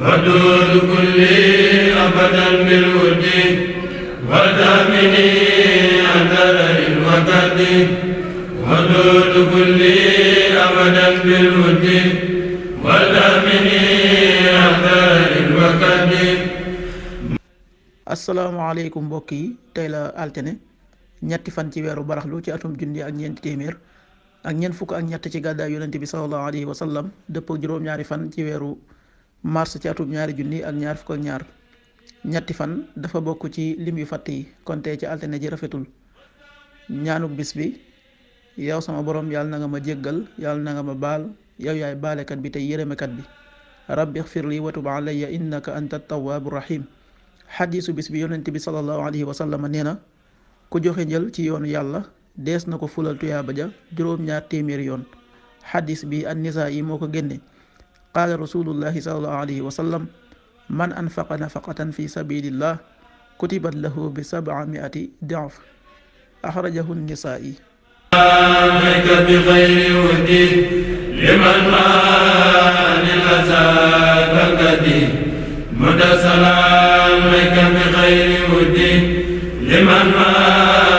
ودود كلي أبدا بالود وتامني أثر الوتد ودود كلي أبدا بالود وتامني أثر الوتد asalaamaaleykum mbokk yi tey la altine ñetti fan ci weeru baraxlu ci atum junni ak ñeenti téeméer ak ñeent fukk ak ñett ci gàddaay yonent bi sallallahu alayhi wa dëpp juróom-ñaari fan ci weeru mars ci atub ñaari junni ak ñaar fukk ñaar ñetti fan dafa bokk ci lim yu fàtt yi konte ci altine ji rafetul ñaanuk bis bi yow sama borom yàlla na nga ma jéggal yàlla na nga ma baal yow yaay baalekat bi tey yërëmekat bi rabbi xfir li watub alayya innaka anta tawaabu rahim xadiisu bis bi yonent bi salallahu alayhi wa sallama nee na ku joxe njël ci yoonu yàlla dees na ko fulal tuyaaba ja juróom-ñaar téeméeri yoon xadis bi an nisaa yi moo ko génne qaala rasulullahi salallahu alayhi wa sallam man anfaqa nafaqatan fi sabilillah kutibat lahu bi sabaa miati diaf axrajahu nisaa'i liman